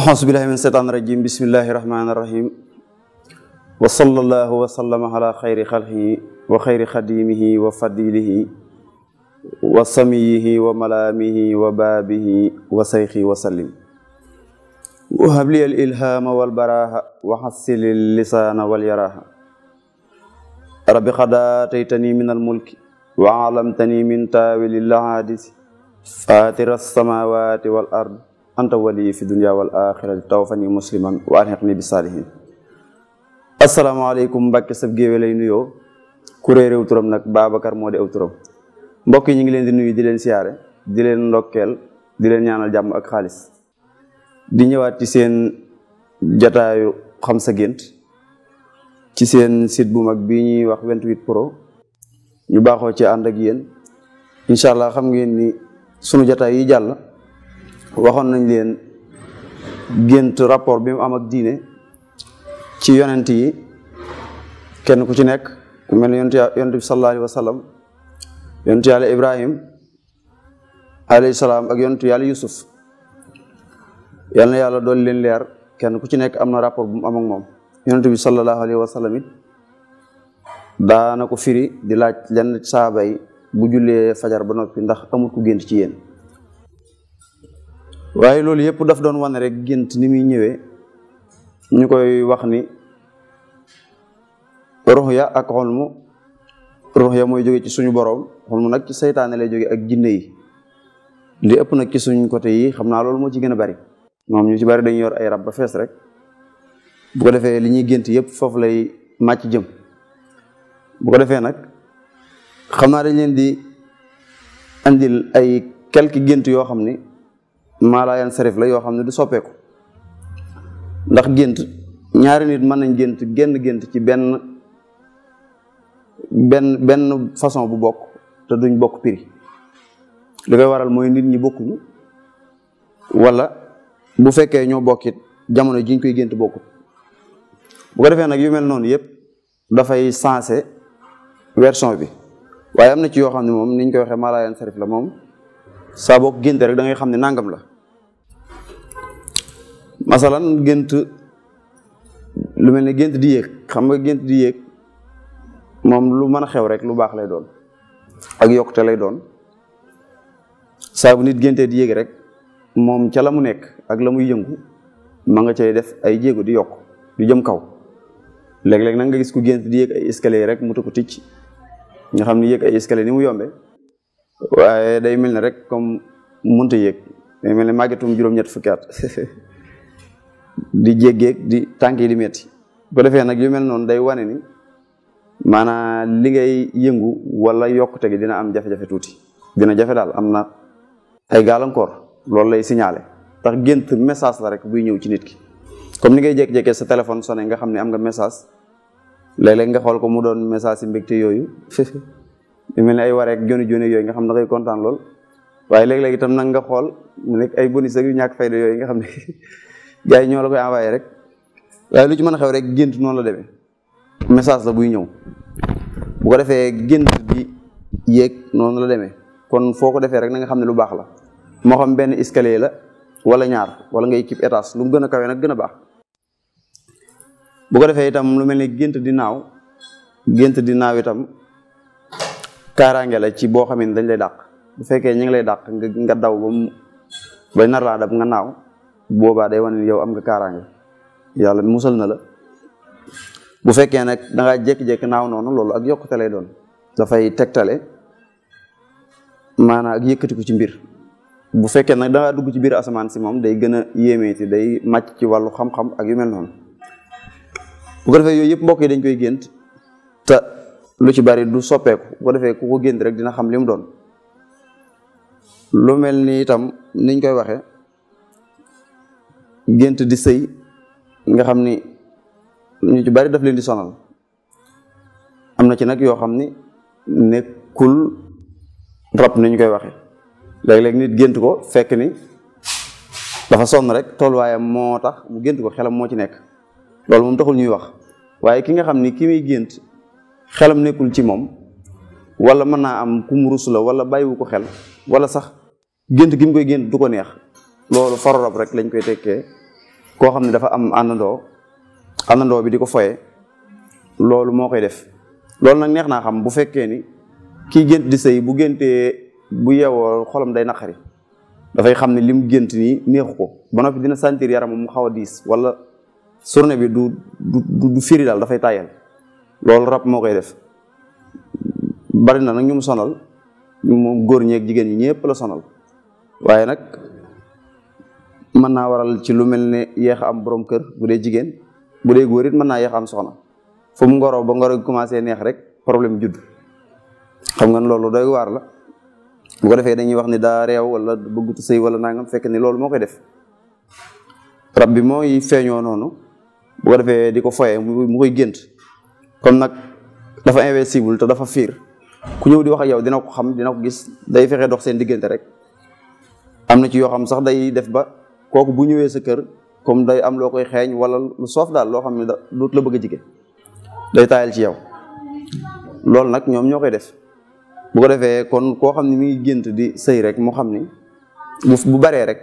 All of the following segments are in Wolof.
axusu billahi min seytaan rajim bismillahi rahmaani rahim wa sallallahu wa sallama ala xayri xalqihi wa xayri xadimihi wa fadilihi wa samiyihi wa malaamihi wa baabihi wa sayxi wa sallim wahabli al ilhaama walbaraha wa xassilil lisaana walyaraha rabbi qad aataytani min al mulki wa alamtani min taawili lahaadisi faatira alsamawati wal ard anta wali fi dunya wal axirati tawfani musliman wa alhiqni bi saalihin asalaamaaleykum mbàkke sab géewe lay nuyoo kurée réew nag Babacar moo de aw turam mbokk yi ñu ngi leen di nuyu di leen siyaare di leen ndokkeel di leen ñaanal jàmm ak xaalis di ñëwaat ci seen jataayu xam sa gént ci seen sit bu mag bi ñuy wax 28 pro ñu baaxoo ci ànd ak yéen incha allah xam ngeen ni sunu jataay yi jàll waxoon nañ leen gënt rapport bi mu am ak diine ci yonent yi kenn ku ci nekk ku mel ni yonent yonent bi sallallahu alayhi wa sallam ibrahim alayhi salaam ak yonent yàlla yusuf yal na yàlla dool leen leer kenn ku ci nekk am na rapport bu mu am moom yonent bi sallallahu alayhi wa sallam daana ko firi di laaj lenn saaba yi bu jullee fajar ba noppi ndax amut ko gént ci yéen waaye loolu yëpp daf doon wane rek gént ni muy ñëwee ñu koy wax ni ruxya ak xolmu ruxya mooy jóge ci suñu borom xolmu nag seytaane lay jóge ak jinne yi li ëpp nag ki suñ côté yi xam naa loolu moo ci gën a bari moom ñu ci bari dañuy yor ay rab ba fees rek bu ko defee li ñuy gént yëpp foofu lay màcc jëm bu ko defee nag xam naa dañ leen di andil ay quelques gént yoo xam ni maalaayaan sarif la yoo xam ne du soppeeku ndax gént ñaari nit mën nañ gént génn gént ci benn benn benn façon bu bokk te duñ bokk piri li koy waral mooy nit ñi bokkuñu wala bu fekkee ñoo bokkit jamono jiñ koy gént bokkut bu ko defee nag yu mel noonu yëpp dafay sensé version bi waaye am na ci yoo xam ne moom niñ koy waxee maalaayaan sarif la moom saa boo ko génte rek dangay xam ne nangam la masalan gént lu mel ne gént di yéeg xam nga gént di yéeg moom lu mën a xew rek lu baax lay doon ak yokkute lay doon saa bu nit géntee di yéeg rek moom ca la mu nekk ak la muy yëngu ma nga cee def ay jéego di yokk lu jëm kaw léeg-léeg nag nga gis ku gént di yéeg ay escalier rek mu tu ko ticc nga xam ni yéeg ay escalier ni mu yombe waaye day mel ni rek comme munta yéeg day mel ni màggetum juróom-ñett fukki at di jéggeeg di tànk yi di metti ko defee nag yu mel noonu day wane ni maanaam li yëngu wala yokkute gi dina am jafe-jafe tuuti dina jafe daal am na ay gàllankoor loolu lay signalé tax gént message la rek buy ñëw ci nit ki comme ni ngay jékki-jékkee sa téléphone sonné nga xam ne am nga message léeg-léeg nga xool ko mu doon message yi mbégte yooyu lu mel ni ay waree joni joni yooyu nga xam da ngay kontaan lool waaye léeg-léeg itam nag nga xool mu nekk ay bonus ak yu ñaak fayda yooyu nga xam ne gars yi ñoo la koy envoyé rek lu ci mën a xew rek gént noonu la demee message la buy ñëw bu ko defee gént bi yéeg noonu la demee kon foo ko defee rek na nga xam ne lu baax la moo xam benn escalier la wala ñaar wala nga équipe étage lu mu gën a kawe nag gën a baax bu ko defee itam lu mel ne gént di naaw gént di naaw itam kaaraange la ci boo xam ne lay dàq bu fekkee ñu ngi lay dàq nga daw ba mu ba nar laa dab nga naaw boobaa day wane yow am nga kaaraange yàlla musal na la bu fekkee nag da ngaa jékki naaw noonu loolu ak yokkute lay doon dafay tegtale maanaam ak yëkkatiku ci mbir bu fekkee nag da ngaa ci biir asamaan si moom day gën a day màcc ci wàllu xam-xam ak yu mel noonu bu ko defee yooyu yëpp mbokk dañ koy gént lu ci bari du soppeeku bu ko defee ku ko gént rek dina xam li mu doon lu mel ni itam niñ koy waxee gént di sëy nga xam ni ñu ci bari daf leen di sonal am na ci nag yoo xam ni nekkul rab ni ñu koy waxee léeg-léeg nit gént ko fekk ni dafa sonn rek tolluwaayam moo tax mu gént ko xelam moo ci nekk loolu moom taxul ñuy wax waaye ki nga xam ni ki muy gént xelam nekkul ci moom wala mën naa am ku mu la wala bàyyiwu ko xel wala sax gént gi mu koy gént du ko neex loolu faru rek lañ koy tekkee koo xam ne dafa am àndandoo àndandoo bi di ko foye loolu moo koy def loolu nag neex naa xam bu fekkee ni kii gént di sëy bu géntee bu yeewoo xolom day naqari dafay xam ne li mu gént nii neexu ko ba noppi dina sentir yaram mu xaw a diis wala journée bi du du du firi daal dafay tàyyal loolu rab moo koy def bari na nag ñu sonal moom góor ñeeg jigéen ñi ñëpp la sonal waaye nag mën naa waral ci lu mel ne yeex am boroom kër bu dee jigéen bu dee góor it mën naa yeex am soxna fu mu ngoroo ba ngoro commencé neex rek problème judd xam nga loolu doy waar la bu ko defee dañuy wax ni daa réew wala bëggutu sëy wala nangam fekk ni loolu moo koy def rab bi mooy feeñoo noonu bu ko defee di ko foyee mu koy gént comme nag dafa invincible te dafa fiir ku ñëw di wax ak yow dina ko xam dina ko gis day fexe dox seen diggante rek am na ci yoo xam sax day def ba kooku bu ñëwee sa kër comme day am loo koy xeeñ wala lu soof daal loo xam ne dut la bëgg a day taayal ci yow loolu nag ñoom ñoo koy def bu defee kon koo xam ne mi gént di sëy rek mu xam ni bu bu baree rek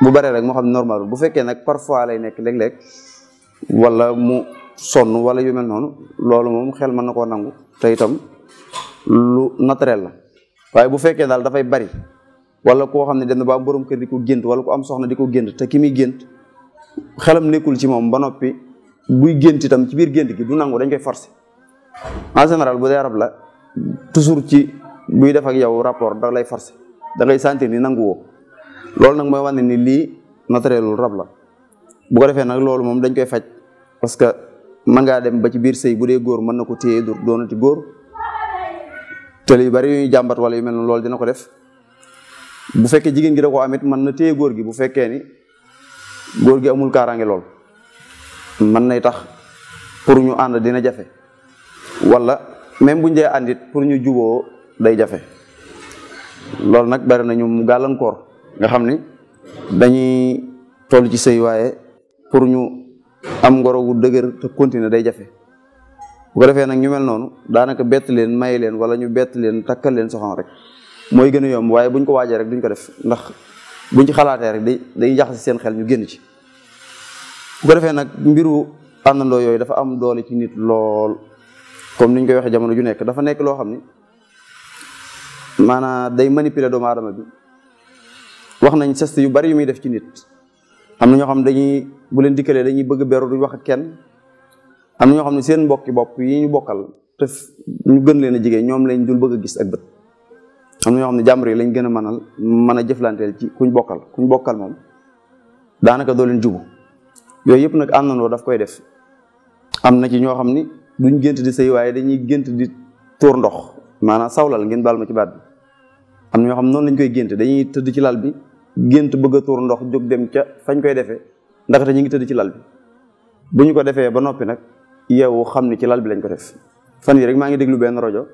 bu baree rek moo xam ne normal bu fekkee nag parfois lay nekk léeg-léeg wala mu sonn wala yu mel noonu loolu moom xel ma na koo nangu te itam lu naturel la waaye bu fekkee daal dafay bari wala koo xam ne dem na baa am kër di ko gént wala ko am soxna di ko gént te ki muy gént xelam nekkul ci moom ba noppi buy gént itam ci biir gént gi du nangu dañ koy forcer en général bu dee rab la toujours ci buy def ak yow rapport da lay forcer da ngay sentir ni nangu loolu nag mooy wane ni lii naturelul rab la bu ko defee nag loolu mën ngaa dem ba ci biir sëy bu dee góor mën na ko téye dur doonati góor te yu bari yu ñuy jàmbat wala yu mel noonu loolu dina ko def bu fekkee jigéen gi da ko am mën na téye góor gi bu fekkee ni góor gi amul kaaraange lool mën nay tax pour ñu ànd dina jafe wala même buñ dee àndit pour ñu juboo day jafe loolu nag bari na ñu mu gàllankoor nga xam ni dañuy toll ci sëy waaye am ngoro wu dëgër te continuer day jafe bu ko defee nag ñu mel noonu daanaka bett leen may leen wala ñu bett leen takkal leen soxna rek mooy gën a yomb waaye buñ ko waajee rek duñ ko def ndax buñ ci xalaatee rek day day jaxase seen xel ñu génn ci. bu ko defee nag mbiru àndandoo yooyu dafa am doole ci nit lool comme niñ koy waxee jamono ju nekk dafa nekk loo xam ni maanaam day manipuler doomu aadama bi wax nañ sest yu bari yu muy def ci nit. am na ñoo xam dañuy bu leen dikkalee dañuy bëgg beru duñ wax ak kenn am na ñoo xam ne seen mbokki bopp yi ñu bokkal te ñu gën leen a jigéen ñoom lañ dul bëgg a gis ak bët am na ñoo xam ne jàmbur yi lañ gën a mënal mën a jëflanteel ci kuñ bokkal kuñ bokkal moom daanaka doo leen yooyu yëpp nag àndandoo daf koy def am na ci ñoo xam ni duñ gént di sëy waaye dañuy gént di tuur ndox maanaam sawlal ngeen bal ma ci baat bi am na ñoo xam noonu lañ koy gént dañuy tëdd ci lal bi gént bëgg tuur ndox jóg dem ca fañ koy defee ndaxte ñu ngi tëdd ci lal bi bu ñu ko defee ba noppi nag yow xam ni ci lal bi lañ ko def fan yi rek maa ngi déglu benn rajo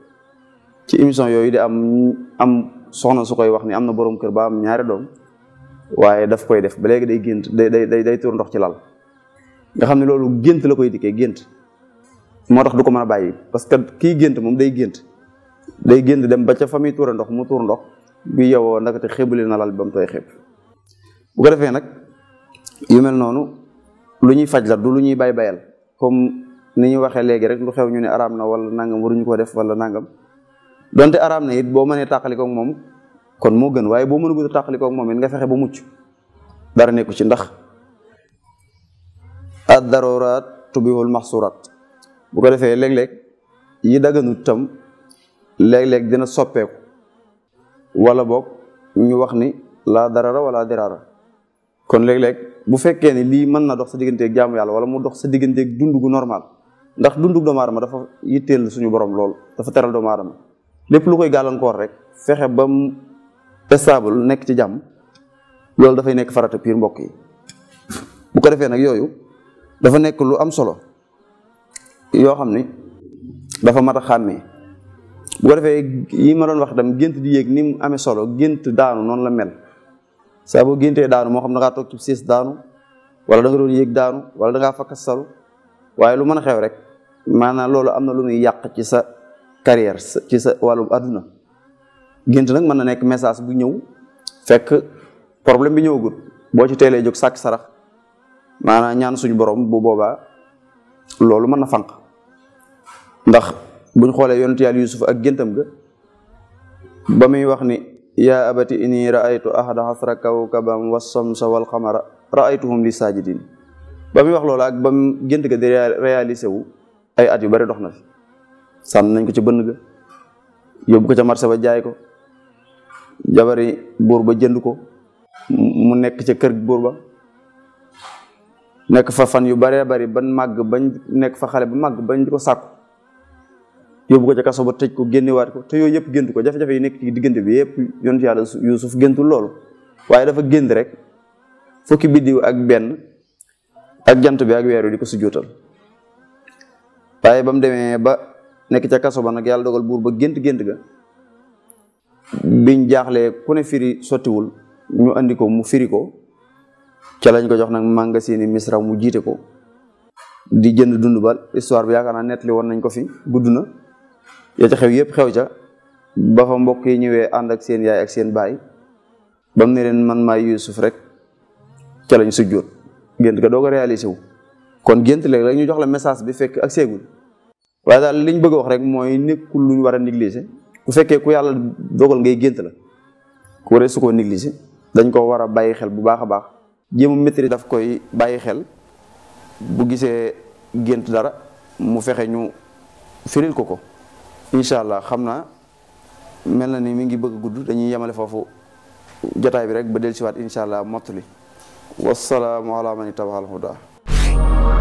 ci émission yooyu de am am soxna su koy wax ni am na borom kër ba am ñaari doom waaye daf koy def ba léegi day gént day day day tuur ndox ci lal nga xam ne loolu gént la koy dikkee gént moo tax du ko mën bàyyi parce que kii gént moom day gént day gént dem ba ca famille muy tuure ndox mu tuur ndox bi yowoo nag te xébali na lal bi ba mu tooy bu ko defee nag yu mel noonu lu ñuy faj la du lu ñuy bay bayal comme ni ñu waxee léegi rek lu xew ñu ne araam na wala nangam waruñu ko def wala nangam donte araam na it boo mënee tàqalikoog moom kon moo gën waaye boo mën a gudd moom it nga fexe ba mucc dara nekku ci ndax ad daruraat tubihul maxsuraat bu ko defee léeg-léeg yi daganut tam léeg-léeg dina soppeeku wala boog ñu wax ni laa dara darara wala diraara kon léeg-léeg bu fekkee ni lii mën na dox sa digganteeg jàmm yàlla wala mu dox sa digganteeg dund gu normal ndax dundu doomu aadama dafa yitteel suñu borom lool dafa teral doomu lépp lu koy gàllankoor rek fexe ba mu stable nekk ci jàmm loolu dafay nekk farata piir mbokk yi bu ko defee nag yooyu dafa nekk lu am solo yoo xam ni dafa mat a xàmmee bu ko defee yi ma doon wax itam gént di yéeg ni mu amee solo gént daanu noonu la mel saa boo géntee daanu moo xam da ngaa toog ci daanu wala da nga doon yéeg daanu wala da ngaa fakkastalu waaye lu mën a xew rek maanaam loolu am na lu muy yàq ci sa carrière ci sa wàllu àdduna gént nag mën na nekk message bu ñëw fekk problème bi ñëwagul boo ci teelee jóg sàkk sarax maanaam ñaan suñu borom bu boobaa loolu mën a fànq ndax buñ xoolee yonent yàlla yusuf ak géntam ga ba muy wax ni yaa abati inni raaytu ahada xasra kawkaban wa samsa wal xamara raaytuhum li saajidin ba muy wax loolu ak ba mu gént ga di réalisé wu ay at yu bari dox na fi nañ ko ci bënn ga yóbbu ko ca marché ba jaay ko jabari buur ba jënd ko mu nekk ca kër buur ba nekk fa fan yu baree bari ban màgg bañ nekk fa xale ba màgg bañ di ko sàkku yóbbu ko ca kaso ba tëj ko génnewaat ko te yooyu yëpp gént ko jafe-jafe yi nekk ci diggante bi yëpp yonent yàlla Yuusuf géntul loolu waaye dafa gént rek fukki biddiw ak benn ak jant bi ak weer di ko sujjóotal waaye ba mu demee ba nekk ca kaso ba nag yàlla dogal buur ba gént gént ga biñ jaaxlee ku ne firi sottiwul ñu indi ko mu firi ko ca lañ ko jox nag màngasini misra mu jiite ko di jënd dund ba histoire bi yaakaar naa nettali woon nañ ko fi gudd na ya ca xew yëpp xew ca ba fa mbokk yi ñëwee ànd ak seen yaay ak seen baay ba mu ne leen man maay Yuusuf rek ca lañ sujjóot gént ga doo ko réalisé wu kon gént la rek ñu jox la message bi fekk ak seegul waaye daal liñ bëgg a wax rek mooy nekkul lu ñu war a négliger bu fekkee ku yàlla dogal ngay gént la ku waree su koo négliger dañ ko war a bàyyi xel bu baax a baax jéem a maîtriser daf koy bàyyi xel bu gisee gént dara mu fexe ñu firil ko ko incha allah xam naa mel na ni mi ngi bëgg a gudd dañuy yemale foofu jotaay bi rek ba dellusiwaat incha allah mottali wasalaamu ala man ittaba al huda